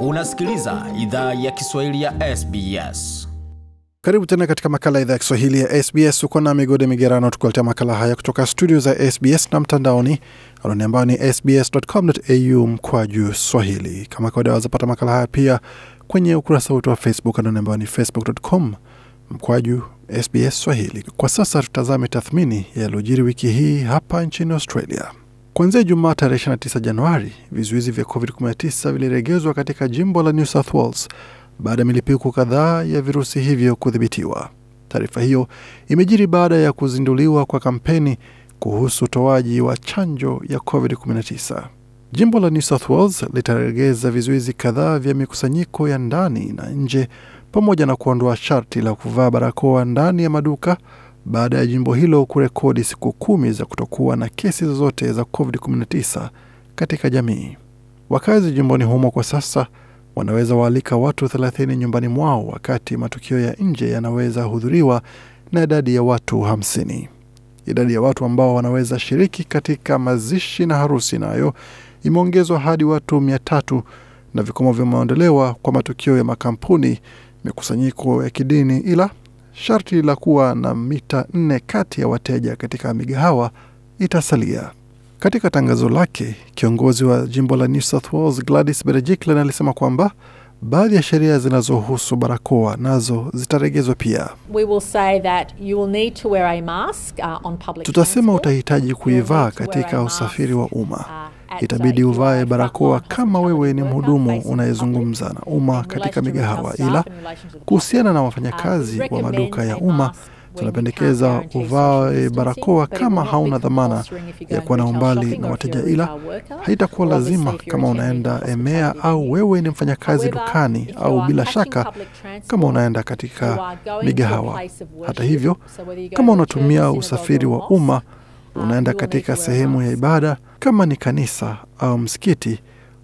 Unasikiliza idhaa ya Kiswahili ya SBS. Karibu tena katika makala idhaa ya Kiswahili ya SBS. Uko na Migode Migerano tukuletea makala haya kutoka studio za SBS na mtandaoni anwani ambayo ni sbs.com.au mkwa juu swahili. Kama kawaida, wazapata makala haya pia kwenye ukurasa wetu wa Facebook anwani ambayo ni facebook.com mkwaju SBS Swahili. Kwa sasa tutazame tathmini yaliyojiri wiki hii hapa nchini Australia. Kuanzia jumaa tarehe 29 Januari, vizuizi vya COVID-19 viliregezwa katika jimbo la New South Wales baada ya milipuko kadhaa ya virusi hivyo kudhibitiwa. Taarifa hiyo imejiri baada ya kuzinduliwa kwa kampeni kuhusu utoaji wa chanjo ya COVID-19. Jimbo la New South Wales litaregeza vizuizi kadhaa vya mikusanyiko ya ndani na nje pamoja na kuondoa sharti la kuvaa barakoa ndani ya maduka baada ya jimbo hilo kurekodi siku kumi za kutokuwa na kesi zozote za COVID-19 katika jamii. Wakazi jimboni humo kwa sasa wanaweza waalika watu 30 nyumbani mwao, wakati matukio ya nje yanaweza hudhuriwa na idadi ya watu 50. Idadi ya watu ambao wanaweza shiriki katika mazishi na harusi nayo imeongezwa hadi watu 300 na vikomo vimeondolewa kwa matukio ya makampuni, mikusanyiko ya kidini, ila sharti la kuwa na mita nne kati ya wateja katika migahawa itasalia. Katika tangazo lake, kiongozi wa jimbo la New South Wales Gladys Berejiklian alisema kwamba baadhi ya sheria zinazohusu barakoa nazo zitaregezwa pia. Uh, Tutasema utahitaji kuivaa katika usafiri wa umma uh, itabidi uvae barakoa kama wewe ni mhudumu unayezungumza na umma katika migahawa. Ila kuhusiana na wafanyakazi uh, wa maduka ya umma, tunapendekeza uvae barakoa kama hauna dhamana ya kuwa na umbali na wateja, ila haitakuwa lazima kama unaenda EMEA au wewe ni mfanyakazi dukani, au bila shaka kama unaenda katika migahawa. Hata hivyo, kama unatumia usafiri wa umma unaenda katika sehemu ya ibada kama ni kanisa au msikiti,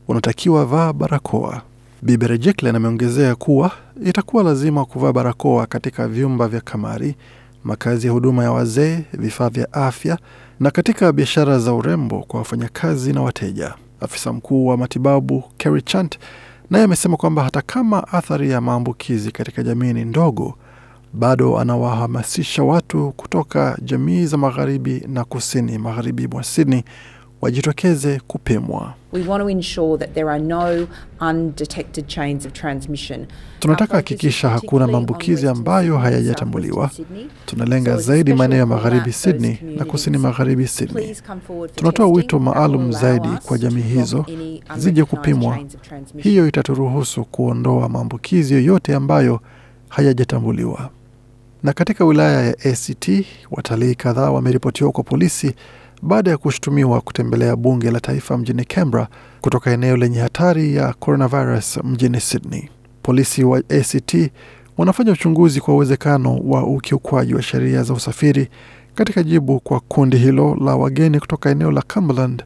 unatakiwa vaa barakoa. Bibi Rejiklian ameongezea kuwa itakuwa lazima kuvaa barakoa katika vyumba vya kamari, makazi ya huduma ya wazee, vifaa vya afya na katika biashara za urembo kwa wafanyakazi na wateja. Afisa mkuu wa matibabu Kerry Chant naye amesema kwamba hata kama athari ya maambukizi katika jamii ni ndogo, bado anawahamasisha watu kutoka jamii za magharibi na kusini magharibi mwa Sydney wajitokeze kupimwa. Tunataka hakikisha hakuna maambukizi ambayo hayajatambuliwa. Tunalenga zaidi maeneo ya magharibi Sydney na kusini magharibi Sydney. Tunatoa wito maalum zaidi kwa jamii hizo zije kupimwa. Hiyo itaturuhusu kuondoa maambukizi yoyote ambayo hayajatambuliwa. Na katika wilaya ya ACT watalii kadhaa wameripotiwa kwa polisi baada ya kushutumiwa kutembelea bunge la taifa mjini Canberra kutoka eneo lenye hatari ya coronavirus mjini Sydney. Polisi wa ACT wanafanya uchunguzi kwa uwezekano wa ukiukwaji wa sheria za usafiri katika jibu kwa kundi hilo la wageni kutoka eneo la Cumberland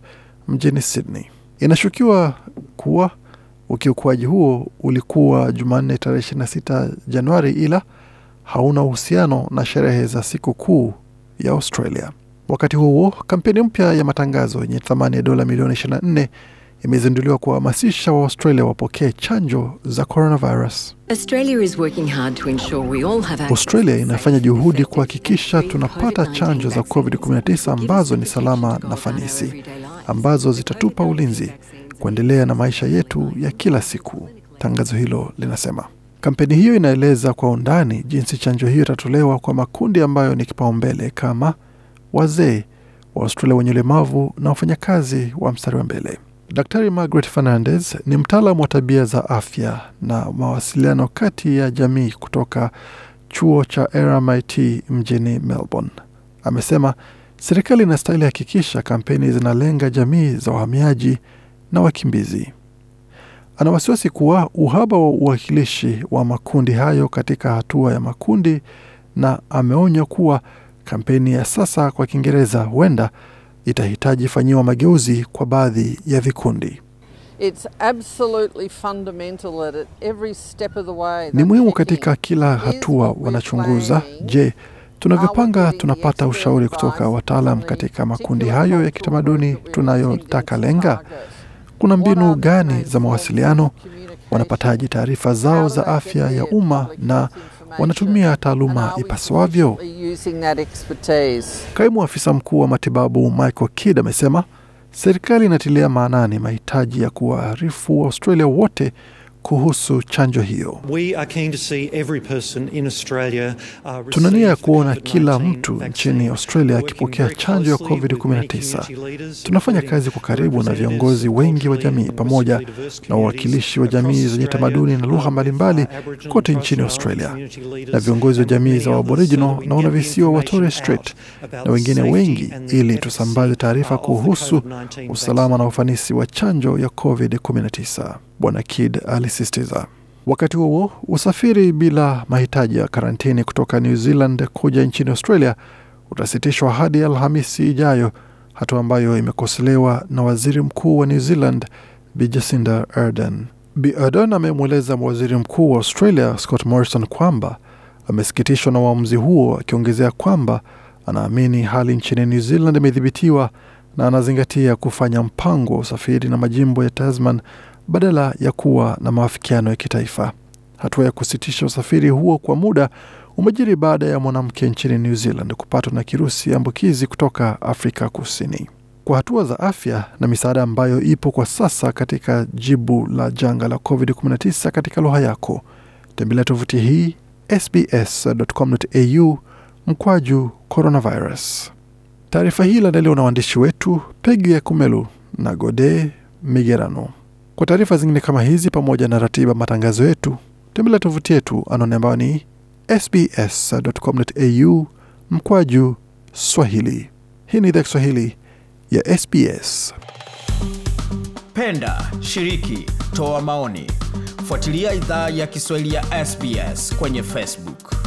mjini Sydney. Inashukiwa kuwa ukiukwaji huo ulikuwa Jumanne tarehe 26 Januari, ila hauna uhusiano na sherehe za siku kuu ya Australia. Wakati huo kampeni mpya ya matangazo yenye thamani ya dola milioni 24 imezinduliwa kuwahamasisha Waaustralia wapokee chanjo za coronavirus. Australia inafanya juhudi kuhakikisha tunapata chanjo za COVID-19 ambazo ni salama na fanisi, ambazo zitatupa ulinzi kuendelea na maisha yetu ya kila siku, tangazo hilo linasema. Kampeni hiyo inaeleza kwa undani jinsi chanjo hiyo itatolewa kwa makundi ambayo ni kipaumbele kama wazee, Waaustralia wenye ulemavu na wafanyakazi wa mstari wa mbele. Daktari Margaret Fernandez ni mtaalamu wa tabia za afya na mawasiliano kati ya jamii kutoka chuo cha RMIT mjini Melbourne. Amesema serikali inastahili hakikisha kampeni zinalenga jamii za wahamiaji na wakimbizi ana wasiwasi kuwa uhaba wa uwakilishi wa makundi hayo katika hatua ya makundi, na ameonya kuwa kampeni ya sasa kwa Kiingereza huenda itahitaji fanyiwa mageuzi kwa baadhi ya vikundi. Ni muhimu katika kila hatua wanachunguza, je, tunavyopanga tunapata ushauri kutoka wataalam katika makundi hayo ya kitamaduni tunayotaka lenga kuna mbinu gani za mawasiliano, wanapataje taarifa zao za afya ya umma na wanatumia taaluma ipaswavyo. Kaimu afisa mkuu wa matibabu Michael Kidd amesema serikali inatilia maanani mahitaji ya kuwaarifu Waaustralia wote kuhusu chanjo hiyo. Uh, Tunania ya kuona kila mtu nchini Australia akipokea chanjo ya COVID-19. Tunafanya kazi kwa karibu na viongozi wengi wa jamii pamoja na wawakilishi wa jamii zenye tamaduni na lugha uh, mbalimbali kote nchini Australia na viongozi wa jamii za Aboriginal na wanavisiwa wa Torres Strait na wengine wengi, ili tusambaze taarifa kuhusu usalama na ufanisi wa chanjo ya COVID-19. Bwana Kid alisisitiza. Wakati huo usafiri bila mahitaji ya karantini kutoka New Zealand kuja nchini Australia utasitishwa hadi Alhamisi ijayo, hatua ambayo imekosolewa na waziri mkuu wa New Zealand Bi Jacinda Ardern. Bi Ardern amemweleza waziri mkuu wa Australia Scott Morrison kwamba amesikitishwa na uamuzi huo, akiongezea kwamba anaamini hali nchini New Zealand imedhibitiwa na anazingatia kufanya mpango wa usafiri na majimbo ya Tasman badala ya kuwa na maafikiano ya kitaifa. Hatua ya kusitisha usafiri huo kwa muda umejiri baada ya mwanamke nchini New Zealand kupatwa na kirusi ambukizi kutoka Afrika Kusini. Kwa hatua za afya na misaada ambayo ipo kwa sasa katika jibu la janga la COVID-19 katika lugha yako, tembelea tovuti hii sbs.com.au mkwaju coronavirus. Taarifa hii ilandaliwa na waandishi wetu Pegi ya Kumelu na Gode Migerano. Kwa taarifa zingine kama hizi pamoja na ratiba matangazo yetu, tembelea tovuti yetu anwani ambayo ni sbs.com.au mkwaju swahili. Hii ni idhaa Kiswahili ya SBS. Penda, shiriki, toa maoni, fuatilia idhaa ya Kiswahili ya SBS kwenye Facebook.